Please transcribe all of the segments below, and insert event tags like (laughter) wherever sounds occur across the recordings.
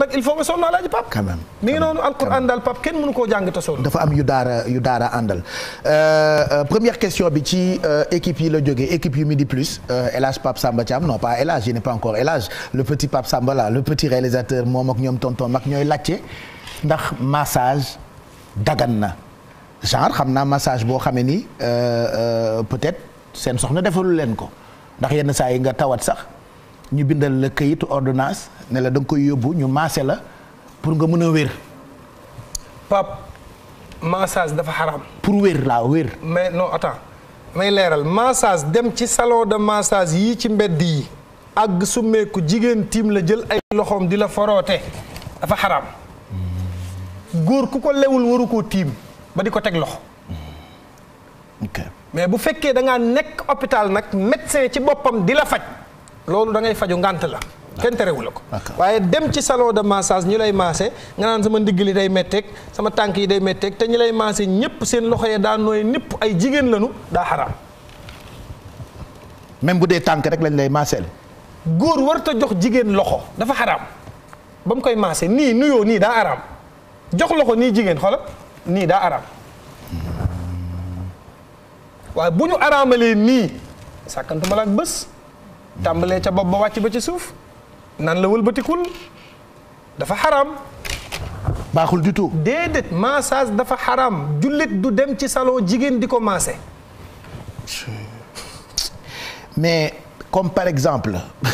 nag il faut nga sonn alaaji pap quand même mi ngi noonu alquran dal pap ken munu ko jang ta son dafa am yu dara yu daara àndal euh, euh, première question bi ci euh, équipe yi la jógee équipe yu Midi Plus El Hadj Pape Samba Thiam non pas El je n'ai pas encore El le petit pap Samba là le petit réalisateur mom ak ñom tonton mak ñoy laccé ndax massage dagan na genre xam naa massage bo xamé ni euh peut-être sen soxna defalu len ko ndax yenn say nga tawat sax ñu bindal la këyitu ordonnance ne la koy yóbbu ñu maase la pour nga mën a wér. Pape massage dafa xaraam. pour wér laa wér. mais no attends may leeral massage dem ci salon de massage yii ci mbedd yi ak summeeku jigéen tiim la jël ay loxoom di la foroote dafa xaram góor ku ko lewul waru ko tiim ba di ko teg loxo. mais bu fekkee da nekk hôpital nag médecin ci boppam di la faj. loolu da ngay faju ngant la ah. kenn terewu la ko ah, waaye dem ci salon de massage ñu lay maase nga naan sama ndigg li day metek sama tànk yi day metek, te ñi lay maase ñëpp seen loxo yi ya daa nooy ay jigéen lañu daa xaraam même bu dee tànk rek lañ lay maaseel góor warta jox jigéen loxo dafa xaraam ba mu koy maase ni, nuyoo nii daa araam jox loxo nii jigéen xoola nii daa araam hmm. waaye bu ñu araamalee nii sàkkantuma la tàmbalee ca bopp ba wàcc ba ci suuf nan la wëlbatikul dafa haram baaxul du tout. déedéet massage dafa haram jullit du dem ci salon jigéen di ko maase. mais comme par exemple (laughs)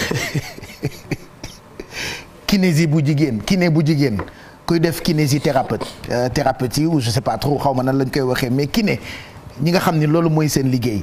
kinésie bu jigéen kiné bu jigéen kuy def kinésithérapeute thérapeute yi euh, ou je sais pas trop xaw ma nan lañ koy waxee mais kiné ñi nga xam ni loolu mooy seen liggéey.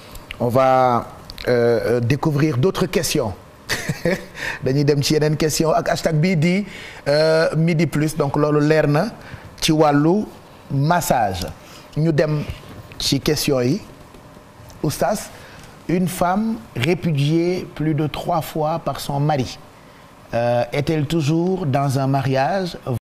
on va euh, euh, découvrir d'autres questions (laughs) dañuy dem ci question ak hashtag Bidi, euh, midi plus donc loolu leer na ci massage Nous dem ci question yi une femme répudiée plus de trois fois par son mari est-elle toujours dans un mariage